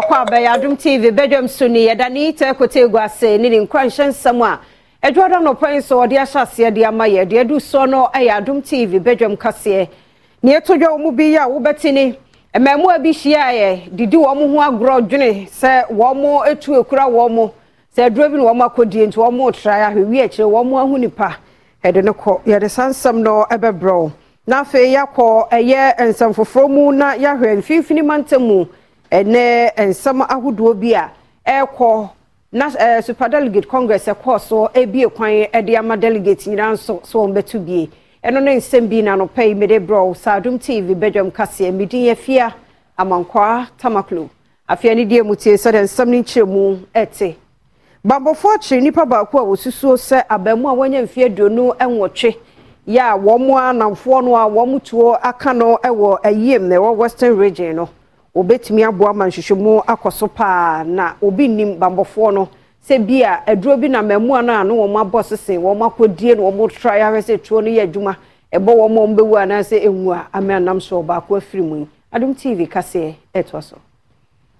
kɔkɔ abɛyɛ adum tv bɛdwam so e ni yɛda e e ne yita kote egu ase ne ne nkranhyɛ nsɛm a adwa da nnɔpɔ yi ɔde ahyɛ aseɛ de ama yɛ deɛ du soɔ no ɛyɛ adum tv bɛdwam kaseɛ ne yɛto dwa wɔn bi yɛ a wɔbɛte ne mmaamua bi hyia yɛ didi wɔn ho agorɔ dwene sɛ wɔn etu ekura wɔn sɛ aduro bi na wɔn akɔdie nti wɔn retra ahwehwi akyire wɔn ahu nipa yɛde ne kɔ yɛde saa nsɛm no ɛbɛbrɛw n'afei yɛakɔ ɛyɛ nsɛm foforɔ mu na yɛahwɛ mfimfini mantam mu. ɛnɛ nsɛm ahodoɔ bi a ɛkɔ na ɛɛ eh, superdelegate congress ɛkɔɔ so ebie kwan ɛde ama delegate nyinaa nso so wɔn bɛto bie ɛno ne nsɛm bi na anɔpɛ yi mede brɔ saadum tv bɛdwam kaseɛ mede yɛ fia amankwaa tamaklo afia ne deɛ mu tie sɛdeɛ nsɛm ne nkyerɛ ɛte bambɔfoɔ akyere nnipa baako a wɔsusuo sɛ abaamu a wɔanya mfeɛ aduonu ɛnwɔtwe yɛ a wɔn anamfoɔ no a wɔn tuo aka no ɛwɔ ayiem na ɛwɔ western region no obetumi aboa ma nhwehwɛmu akɔ so paa na obi nim bambɔfoɔ no sɛ bia aduro bi na mmaamua no a no wɔn abɔ sese wɔn akɔdie na wɔn tra yɛ ahwɛ sɛ tuo no yɛ adwuma ɛbɔ wɔn a wɔn bɛwu anaasɛ ewu a amea nam so ɔbaako afiri mu yi adum tv kaseɛ ɛtoa so.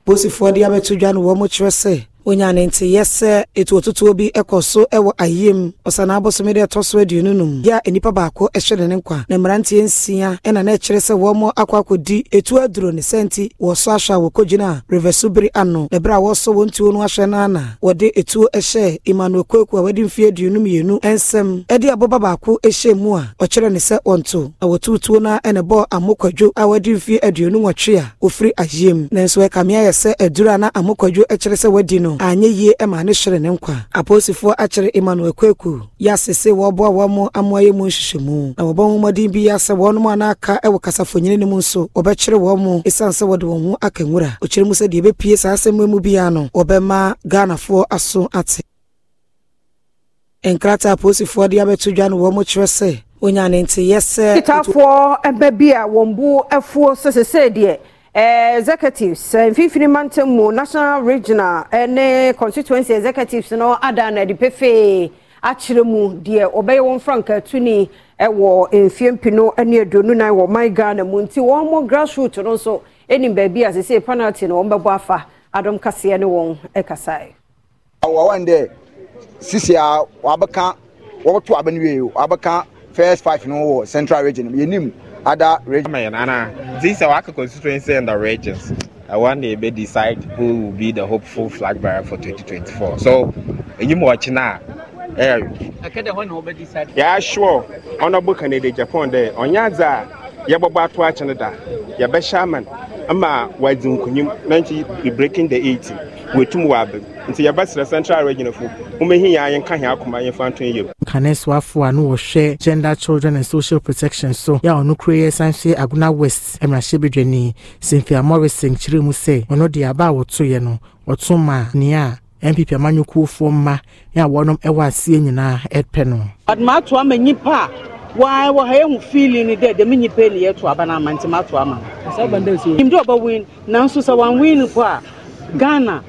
posifoɔ de abɛto dwa no wɔn kyerɛ sɛ onyane nti yɛ sɛ etu otutuo bi ɛkɔ so ɛwɔ ayiem ɔsana abosome deɛ ɛtɔ so aduonu nom yɛ a nnipa baako ɛhyɛ ne ne nkwa na mmeranteɛ nsia ɛna na ɛkyerɛ sɛ wɔn akɔ akɔdi etu aduro ne sɛnti wɔsɔ ahwɛ a wɔkɔgyina reverso bere ano na ɛberɛ a wɔsɔ wɔn tuo no ahwɛ no ana wɔde etuo ɛhyɛ emmanuel kwaku a wɔde mfeɛ aduonu mmienu ɛnsɛm ɛde aboba baako ɛhyɛ mu a ɔkyerɛ ne sɛ ɔnto na wɔtutuo no ɛna ɛbɔ amokwadwo a wɔde mfeɛ aduonu nwɔtwe a ofiri ayiem nanso ɛkame ayɛ sɛ aduro a na amokwadwo ɛkyerɛ sɛ wɔadi no no anyɛ yie ma ne hwere ne nkwa aposifoɔ akyere emmanuel kwaku yɛ asese wɔboa wɔn amoayɛ mu nhyehyɛmu na wɔbɔ ho mmɔden bi yɛ sɛ wɔnom a naaka wɔ kasafonyini ne mu nso wɔbɛkyere wɔn mo esiane sɛ wɔde wɔn ho aka nwura ɔkyerɛ mu sɛ deɛ ɛbɛpie saa asɛm mu biara no wɔbɛma ghanafoɔ aso ate nkrataa aposifoɔ de abɛto dwa no wɔn mo kyerɛ sɛ onya ne nteyɛ sɛ. sikafoɔ ɛbɛ bi a wɔn bo afuo sɛ sɛ deɛ Eh, executives eh, mfimfini mantam mu national regional eh, ne constituency executives no ada na de pefee akyerɛ mu deɛ ɔbɛyɛ wɔn frankaa tuni wɔ mfie mpino ne aduonu nan wɔ man ghana mu nti wɔn mo grassroot no nso nim baabi a sese penalty na wɔn bɛbɔ afa adom kaseɛ ne wɔn kasae. wɔwɔ dɛ sisi a wabɛka wɔbɛto abɛnwie wabɛka first five no wɔ central region yɛnim other regiment and This is our constituency and the regions I want day they decide who will be the hopeful flag bearer for 2024 so you watching now eh yeah sure honorable candidate japan there onyaza yɛbɔbɔ ato akyene da yɛbɛhyɛ ama ama wɔadi nkonim na breaking the 80 wɔatum wɔ aba nti yɛbɛsrɛ central reginafo womɛhi yɛa yɛnka hɛ akoma yɛmfa nto yam kaneswafo a no wɔhwɛ gender children and social protection so yɛ a ɔno kuro yɛ san hwɛ agona west mmarahyɛbadwani sɛmfia morrison kyerɛ mu sɛ ɔno de aba a wɔtoeɛ no ɔto ma nea a npp amanyɔkuofoɔ mma ne a wɔnom ɛwɔ aseɛ nyinaa ɛpɛ no ɔde maato ama a wɔa wɔ ha yɛhu feeling ni dɛ dɛm nnipa ni yɛto aba no ama nti maato ama no nim dɛ ɔbɛwin nanso sɛ wanwin po a ghana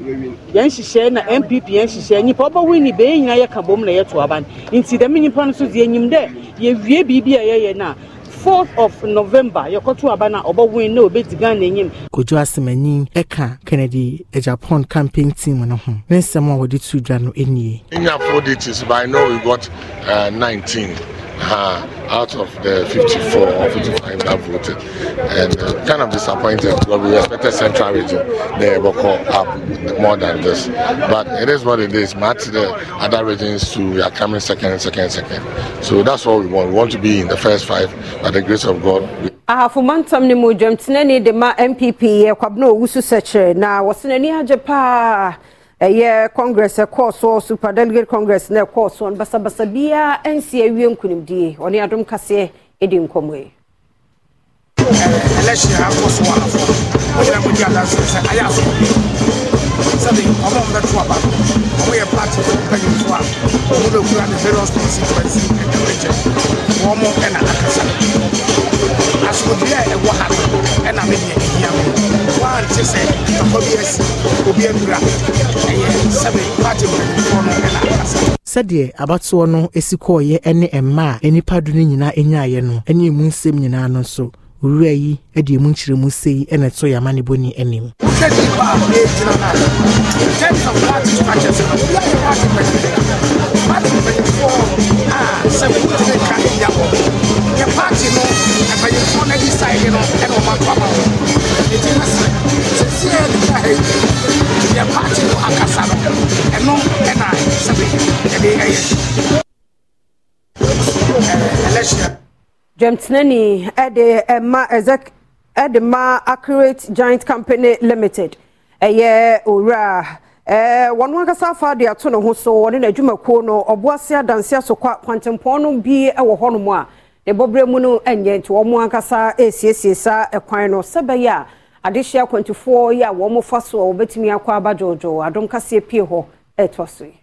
yɛn hyehyɛ na npp yɛn hyehyɛ nipa ɔbɛwin ni bɛyɛ nyinaa yɛ ka bom na yɛto aban nti dɛm nipa no so deɛ enyim dɛ yɛwie biribi a yɛyɛ na fourth of november yɛkɔto aba na ɔbɛwin na obɛdi ghana enyim. kojú asemani ɛka kennedy eh, japan campaign team no ho ne nsɛm a wɔde tu dwa no nie. nyafo de tis by now we got uh, nineteen her out of the 54 or 55 that voted. And uh, kind of disappointed because we expected Central Region they will call up more than this. But it is what it is. Match the other regions to We are coming second, second, second. So that's what we want. We want to be in the first five by the grace of God. We ahafomantam ne mu dwamtenani de ma mpp yɛ kwabena ɔwu so sɛ na wɔse agye paa ɛyɛ congress ɛkɔɔ soɔ super delegate congress na ɛkɔɔ soɔ no basabasa biara ɛnsi awie nkonimdie ɔne adom kaseɛ ɛdi nkɔmmɔ yi election akɔ so afɔ wogyina mu di adanse sɛ ayɛ aso sɛde ɔma ɔmbɛto aba ɔmo yɛ party mpanyimfo a ɔmo bɛkura ne various constituency ɛnɛmɛkyɛ wɔmo ɛna akasa asomdwea a ɛwɔ ha no ɛna medeɛ ɛhia me nkyɛ sɛ papa bi asi obi awura ɛyɛ sɛbe party mpanimfoɔ no ɛna akasa sɛdeɛ abatoɔ no esi kɔɔyɛ ne mmaa a nipa do no nyinaa nyaayɛ no ne emu nsɛm nyinaa no nso owura yi de emu nkyerɛmu se yi na ɛto yɛ amane bɔni anim. sɛ nipa a ɛgyina no a in terms of party structures no obi ayɛ party mpanimfoɔ party mpanimfoɔ a sɛ wɔn ti dɛmtenani ɛde ɛma ɛzɛk ɛde ma accurate giant company limited ɛyɛ owura ɛɛ wɔn ankasa afa de ato ne ho so wɔne n'adwumakuo no ɔboase adansi asokwa kwantempɔn no bi ɛwɔ hɔnom a ne bɔbere mu no ɛnyɛ nti wɔn ankasa ɛresiesie saa ɛkwan no sɛbɛyɛ a adehyia akwantufoɔ yi a wɔn fa so a wɔbɛtumi akɔ aba dwoodwoo adom kaseɛ pie hɔ ɛɛtɔ so yi.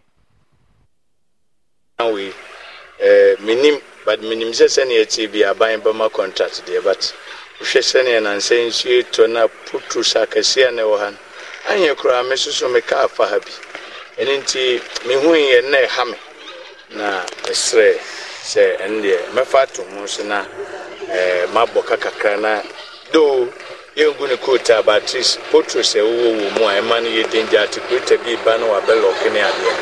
but menim sɛ sɛneɛ bi aban bɛma contract deɛ but wohwɛ sɛneɛ na nsuo tɔ no putu sa ne wɔ ha no anyɛ koraa me soso mekaa fa ha bi ɛno nti mehuiɛ na ɛha na ɛserɛ sɛ ɛno deɛ mɛfa na eh, mabɔ na do yɛngu ne koota batris potro sɛ ewu mu a ɛma no yɛ danger atekurita bi ba no wabɛlɔke ne adeɛ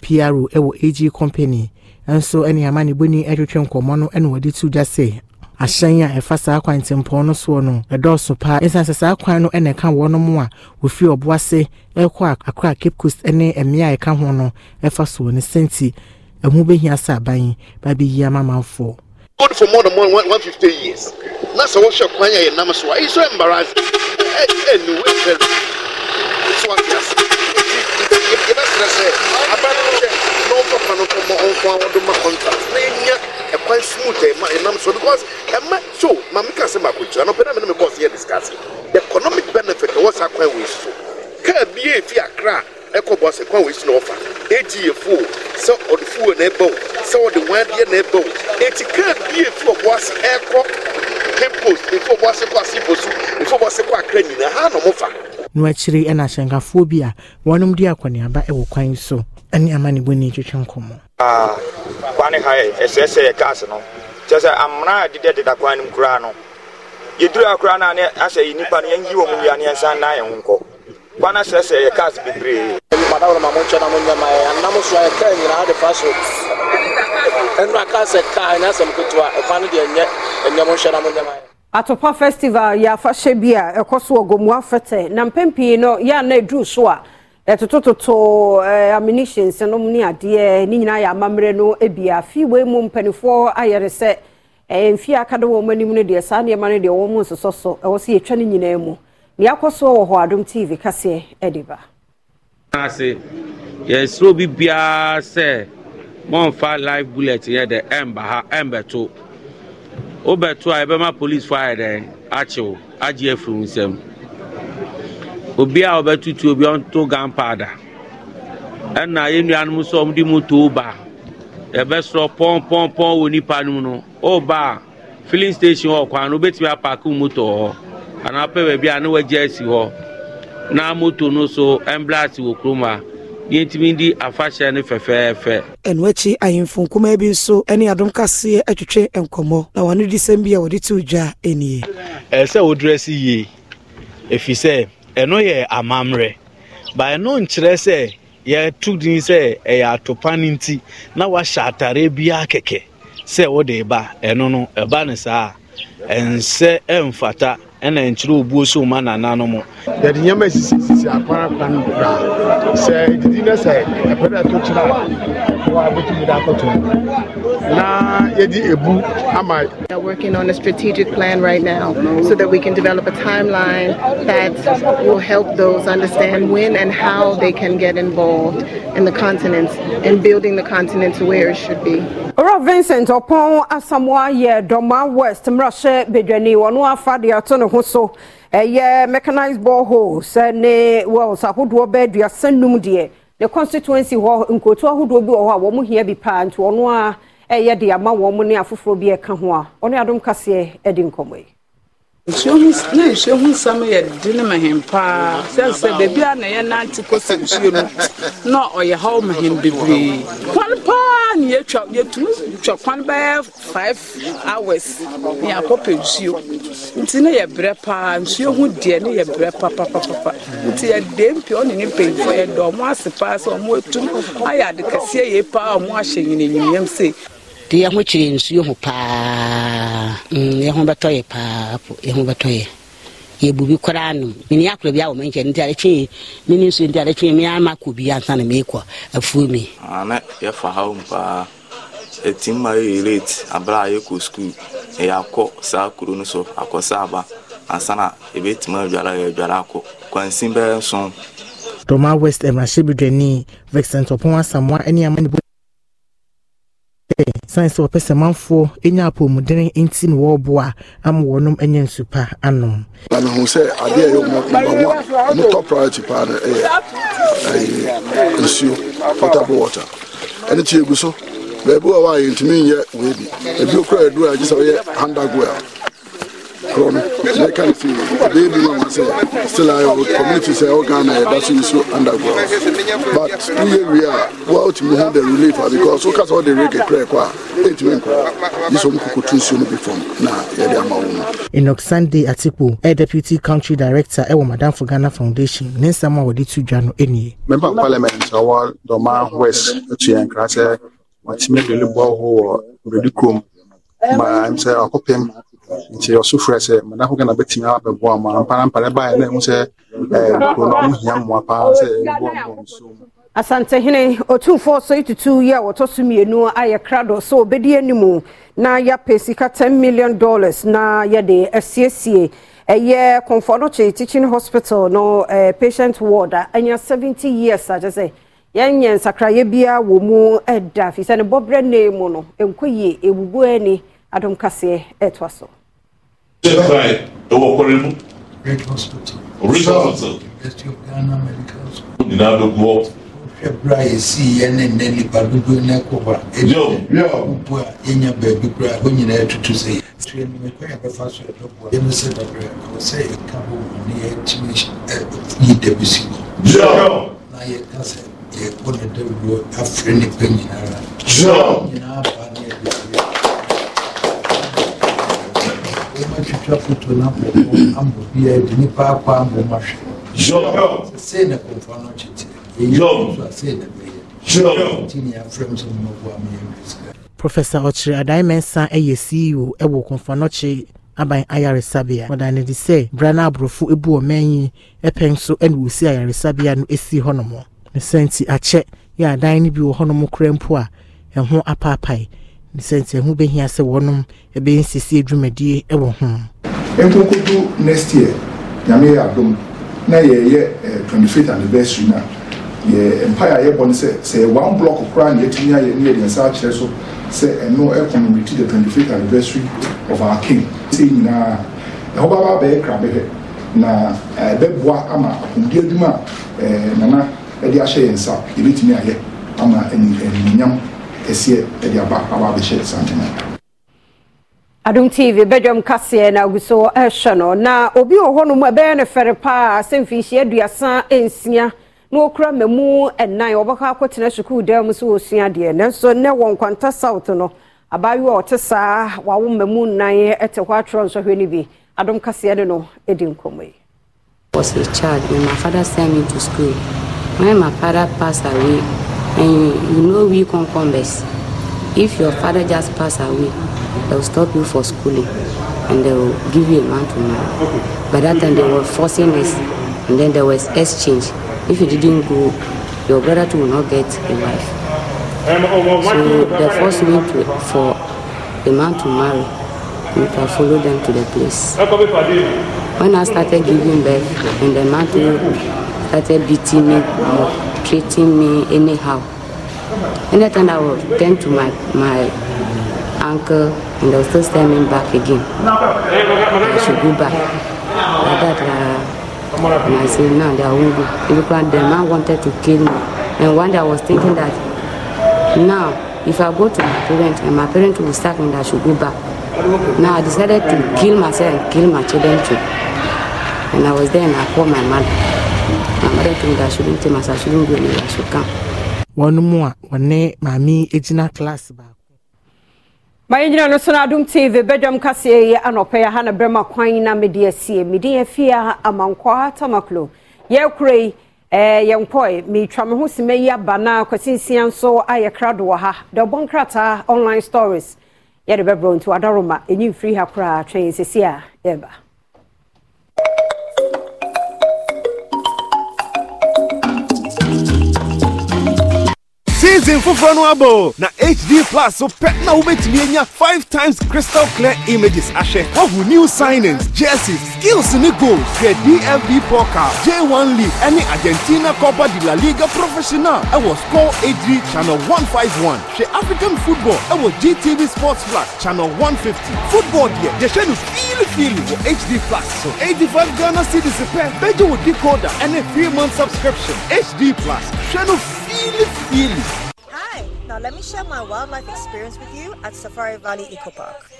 pro ag company nso ne amanebɔni atwitwe nkɔmmɔ no na wɔde to gya sɛ ahyɛn a ɛfa saa kwan tempɔn no soɔ no ɛdɔɔso paa ɛsiane sɛ saa kwan no ɛna ɛka wɔn mo a wɔfiri ɔboase ɛrekɔ akora cape coast ne mmea a ɛka ho no ɛfa soɔ no sɛnti ɛho bɛhia sɛ aban baabi yi ama manfoɔ good for more than one, one, 150 years na sɛ wohwɛ kwan a yɛnam so a ɛyɛ so embarrass ɛnu ɛfɛ so ate ase yɛbɛserɛ sɛ aban no no kɔmmɔ ɔnko a wɔde ma contract na ɛnya ɛkwan e smooth e a ɛnam e so because ɛma so maame ka sɛ maako kyerɛ no pɛ na mene me bɔs yɛ discuss the economic benefit ɛwɔ saa kwan wei so kaa bi a ɛfi akra ɛkɔ bɔ sɛ kwan wei so na ɔfa ɛgyi yɛ fuo sɛ ɔde fuo na ɛbɛ wo sɛ ɔde wɔn adeɛ na ɛbɛ wo ɛti kaa bi a ɛfi ɔbɔ ase ɛkɔ hippos ɛfi ɔbɔ ase kɔ asipos ɛfi ɔbɔ ase kɔ akra nyinaa ha na ɔmo fa no akyiri ɛna ahyɛnkafoɔ bi a wɔnom di akɔneaba ɛwɔ kwan so ɛne amanebɔ ne twetwe nkɔmmɔ ah, kwane ha ɛsɛsɛ yɛ cars no kyɛ sɛ amena a dedɛdeda kwan no m koraa no yɛduraa koraa no a ne asɛ yɛ nnipa no yɛnyi wɔ mu wia ne yɛnsa na yɛ ho nkɔ kwan asɛsɛ yɛ cars bebree madawolo ma mo nkyɛn yɛ anam so atopa festival yɛ afahyɛ bi a ɛkɔ so wɔ gomuafɛtɛ na mpɛn pii no yɛ a na so a ɛtotototo ɛɛ eh, ammunitions nom ne adeɛ ne nyinaa yɛ amammerɛ no ebia fiwei mu mpanimfoɔ ayɛre sɛ eh, ɛɛ mfie aka do wɔn anim no deɛ saa nneɛma no deɛ wɔn nsosɔ so ɛwɔ so yɛtwa ne nyinaa mu nea akɔ so wɔ hɔ adom tv kaseɛ ɛde ba. ase yɛsoro bi biara sɛ mɔnfa live bullet yɛ dɛ ɛnba ha ɛnbɛto wobɛto a yɛbɛma police fo ayɛ dɛ akyew agye afiri nsɛm. obi a ɔbɛtutu obi ɔnto ɛna yɛn ɔmo de mu to ba pɔnpɔnpɔn wɔ nipa no mu no ɔba filling station hɔ kwan no obetumi apaaki moto hɔ anaa baabi a ne wagya esi hɔ na moto no so wɔ kurom a di afahyɛ no fɛfɛɛfɛ. ɛnu akyi ahemfo nkumaa bi nso kaseɛ na wɔn sɛm bi a wɔde ti dwa nie. ɛsɛ wodurɛ yie efisɛ. ɛno yɛ amammerɛ ba ɛno nkyerɛ sɛ yɛto din sɛ ɛyɛ atopa no nti na wahyɛ atare biara kɛkɛ sɛ wode ba ɛno no ɛba e no saa ɛnsɛ ɛmfata ɛna nkyerɛ obuo so ma nananom yɛde nneɛma sisisisi akwarakwan no dodo a sɛ didi na sɛ ɛpɛ dɛ ɛto kyerɛ a wa bɛtumi de akɔto na yɛde ebu ama We are working on a strategic plan right now so that we can develop a timeline that will help those understand when and how they can get involved in the continent and building the continent to where it should be. Ora Vincent Opon Asamoah yɛ Dɔma West mmarahyɛ bedwani wɔn afa deɛ ato no ho so ɛyɛ mechanized borehole sɛ ne wells ahodoɔ bɛɛ aduasa nnum deɛ ne constituency hɔ nkurotu ahodoɔ bi wɔ hɔ a wɔn hia bi paa nti ɔno a ɛyɛ de ama wɔn ne afoforɔ bi ɛka ho a ɔno adom kaseɛ ɛdi nkɔmɔ yi na nsuo ho nsɛm yɛ de ne mahem paa sɛ sɛ baabi a na yɛnante kɔsɛ nsuo no na ɔyɛ haw mahem bebree kwan paa ne yɛtwa yɛtumi twa kwan bɛyɛ five hours ne yɛakɔpɛ nsuo nti ne yɛbrɛ paa nsuo ho deɛ ne yɛbrɛ papapapapa nti yɛdee mpi ɔne ne mpanyimfoɔ yɛdɔ ɔmo ase paa sɛ ɔmo atum ayɛ ade kɛseɛ yie paa ɔmo ahyɛ nyinanyinam sei Mm, nti yɛho kyerɛ nsuo ho paa yɛho bɛtɔ yɛ paa yɛho bɛtɔ yɛ yɛbubi koraa nom meni akora bi awɔ me nkyɛ nti adetwe mene nsuo nti adetwe me ama kɔ bi ansa na meekɔ afuo me na yɛfa haw mu paa ɛtim ma yɛyɛ late aberɛ a yɛkɔ skul e yɛakɔ saa kuro no so akɔ sɛ aba ansa na yɛbɛtumi e adwara yɛadwara akɔ kwansin bɛyɛ nson dɔma west mmarahyɛbadwani vexent ɔpɔn asamoa ne ama ne sane sɛ wɔpɛ sɛ manfoɔ ɛnya apɔmuden nti ne wɔreboa ama wɔnom anya nsu pa anom na mehu sɛ adeɛ ɛyɛ ɔmɔ a ɔmo top priority paa no ɛyɛ nsuo potable water ɛne kyi egu so baabi wɔ hɔ a yɛntumi nyɛ wei bi ebi okura yɛ duro a gye sɛ ɔyɛ handagwell korɔ no kyerɛ kan fi ɛbɛyɛ still ayɛ wɔ community sɛ ɛwɔ oh, ghana eh, yɛda so underground but woyɛ wie a woatumi ha the relief a because woka sɛ wode rege prɛ kɔ a enoch sunday atikpo ɛ deputy country director ɛwɔ madam for ghana foundation ne nsɛm a wɔde to dwa no ɛnie of parliament ɔwɔ dɔma west atu yɛn kra sɛ wɔtumi de lobɔ ho wɔ bredi kurom ma m sɛ ɔkɔpem nti ɔso frɛ sɛ madafo ghana bɛtumi abɛboa ma mpanampare baɛ na ɛhu sɛ eh, kuro no ɔmo hia mmoa paa sɛ ɛboaboa nsuo mu asantehene otumfoɔ so tutu yi a wɔtɔ so mmienu ayɛ krado sɛ ɔbɛdi anim na yɛapɛ sika ten million dollars na yɛde asiesie ɛyɛ kɔmfɔdokye teaching hospital no eh, patient ward a anya seventy years a kyɛ sɛ yɛnyɛ nsakraeɛ biara wɔ mu ɛda firi sɛ ne bɔberɛ nee mu no ɛnkɔ yie ani adom ɛtoa so Step right, ẹwọ ọkọrẹ mu. Great hospital. Great hospital. University of Ghana Medical School. Ó nyinaa bẹ gu ọ. Ebra esi yɛ ne nne nipa dodo ne kɔ hɔ a ebi ɔbubu a enya baabi kura hɔ nyinaa tutu sɛ yɛ. Tuyɛ ni mɛ kwan yɛ bɛfa so ɛdɔ bɔ. Yɛ mi sɛ bɛbrɛ ɛwɔ sɛ yɛ ka bɔ wɔn ne yɛ tumi ɛ yi dɛbi do afiri nipa nyinaa. Nyinaa twitwatwitwafo to no apɔ ambɔ bi a de nipa akɔ ambɔ ma hwɛ sei na kɔmfa no kyeteɛ sei na bɛyɛ nti ne sɛ mmaboa meyɛ professor ɔkyerɛ adan mɛnsa ɛyɛ ceo ɛwɔ kɔmfanɔkye aban ayaresabea wɔdane de sɛ bra aborɔfo ebu wɔ mɛnyi ɛpɛ nso ɛna wɔsi ayaresabea no esi hɔnom ne sɛ nti akyɛ yɛ adan no bi wɔ hɔnom koraa mpo a ɛho apaapae sɛnsɛ ho bɛhia sɛ wɔnom ɛbɛyɛ nsisi adwumadie wɔ ho nkonkodu next year nyame yɛ adom na yɛyɛ 25th eh, anniversary na yɛ empire a yɛbɔ no sɛ sɛ one block koraa na yɛtumi ayɛ ne yɛde nsa akyerɛ so sɛ ɛno ɛcommunity the 25th anniversary of our king sɛ nyinaa ɛhɔ baba bɛyɛ kra bɛhwɛ na eh, ɛbɛboa ama ahomdeɛ adwuma a eh, nana ɛde ahyɛ yɛn nsa yɛbɛtumi ayɛ ama animuonyam ɛseɛ ɛde e aba aba abɛhyɛ santen adom tv bɛdwam kaseɛ na agu so ɛhwɛ eh, no na obi wɔ hɔ nom ɛbɛyɛ no fɛre paa sɛ mfirinhyia aduasa nsia na wɔkura mmamu ɛnan wɔbɛkɔ akɔtena sukuu dan mu sɛ wɔsua deɛ nanso nɛ wɔ nkwanta south no abaayewa ɔte saa wawo mmamu nnan ɛte hɔ atwerɛ nsɔhwɛ no bi adom kaseɛ ne no ɛdi nkɔmmɔ yi was a child when my father sent me to school when my father passed away and eh, you know we cucumbers if your father just pass away they will stop you for schooling and they will give you a man to marry by that time they were forcing us and then there was exchange if you didn't go your brother too will not get a wife um, oh, so they forced me to for a man to marry if I follow them to the place when I started giving birth and the man too started beating me more. treating me anyhow. Anything I would turn to my, my uncle and they will still send me back again. I should go back. Like that, uh, and I said, no, they won't go. Because the man wanted to kill me. And one day I was thinking that now, if I go to my parents and my parents will start me, I should go back. Now I decided to kill myself and kill my children too. And I was there and I called my mother amara tun ga suru nti masa suru ngwele ya so kan wɔn mu a wɔne maame gyina class baako mayɛnyina no so no adom tv bɛdwam kaseɛ yi anɔpɛ yɛ ha na berɛma kwan na mede asie meden afie a amankɔa tamaklo yɛkora yi yɛnkɔe meretwa me ho sima yi aba na kwasinsia nso ayɛ krado wɔ ha de ɔbɔ nkrataa online stories yɛde bɛbrɛ nti wadaroma ɛnyimfiri ha koraa twɛn sɛsi a yɛba ɔten foforɔ no abɔ na hd plus so pɛ na wobɛtumi anya 5 times crystal clear images ahwɛ woahu new signings jerseys skills ne goals hwɛ dfb pocal j1 league ɛne argentina copa de la liga professional ɛwɔ score hd channel 151 hwɛ african football ɛwɔ gtv sports plus channel 150 football deɛ yɛhwɛ no fiilfiili wɔ hd plus so 85 ghana cedis pɛ bɛgye wo decoder ɛne 3 month subscription hd plus hwɛ no fiilfiili Now let me share my wildlife experience with you at Safari Valley Eco Park.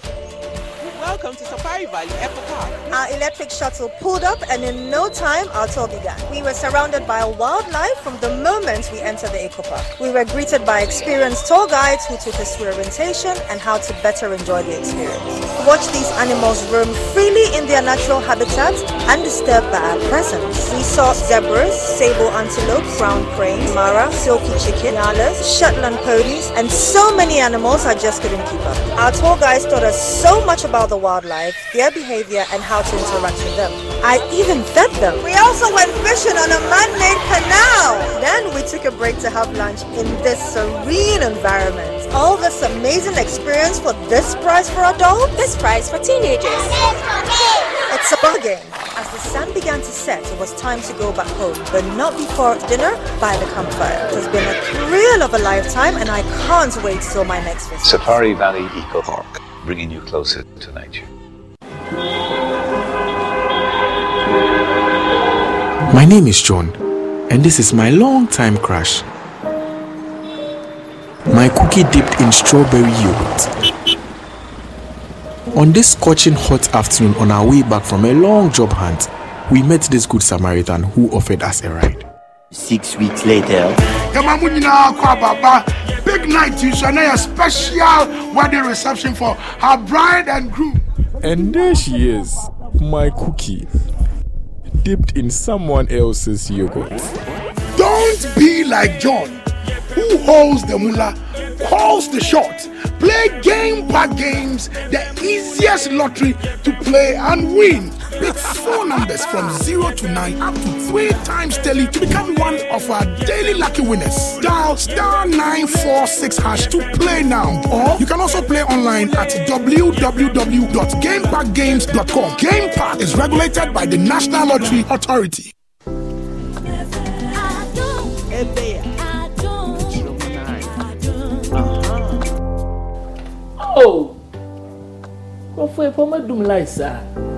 Welcome to Safari Valley Eco Park. Our electric shuttle pulled up and in no time our tour began. We were surrounded by wildlife from the moment we entered the Eco Park. We were greeted by experienced tour guides who took us through orientation and how to better enjoy the experience watch these animals roam freely in their natural habitats undisturbed by our presence. We saw zebras, sable antelope, brown cranes, mara, silky chicken, nyalas, Shetland ponies, and so many animals I just couldn't keep up. Our tour guides taught us so much about the wildlife, their behavior, and how to interact with them. I even fed them. We also went fishing on a man a break to have lunch in this serene environment. All this amazing experience for this price for adults, this price for teenagers. It's a bargain. As the sun began to set, it was time to go back home, but not before dinner by the campfire. It has been a thrill of a lifetime, and I can't wait till my next visit. Safari Valley Eco Park, bringing you closer to nature. My name is John and this is my long-time crush. My cookie dipped in strawberry yogurt. On this scorching hot afternoon on our way back from a long job hunt, we met this good Samaritan who offered us a ride. Six weeks later, big night to Shania, special wedding reception for her bride and groom. And there she is, my cookie dipped in someone else's yogurt. Don't be like John, who holds the mullah, calls the shots, play game by games, the easiest lottery to play and win. Pick four numbers from 0 to 9 up to 3 times daily to become one of our daily lucky winners. Dial star 946 hash to play now. Or you can also play online at www.gamepackgames.com. Game Park is regulated by the National Lottery Authority. Oh, go for a pomadum like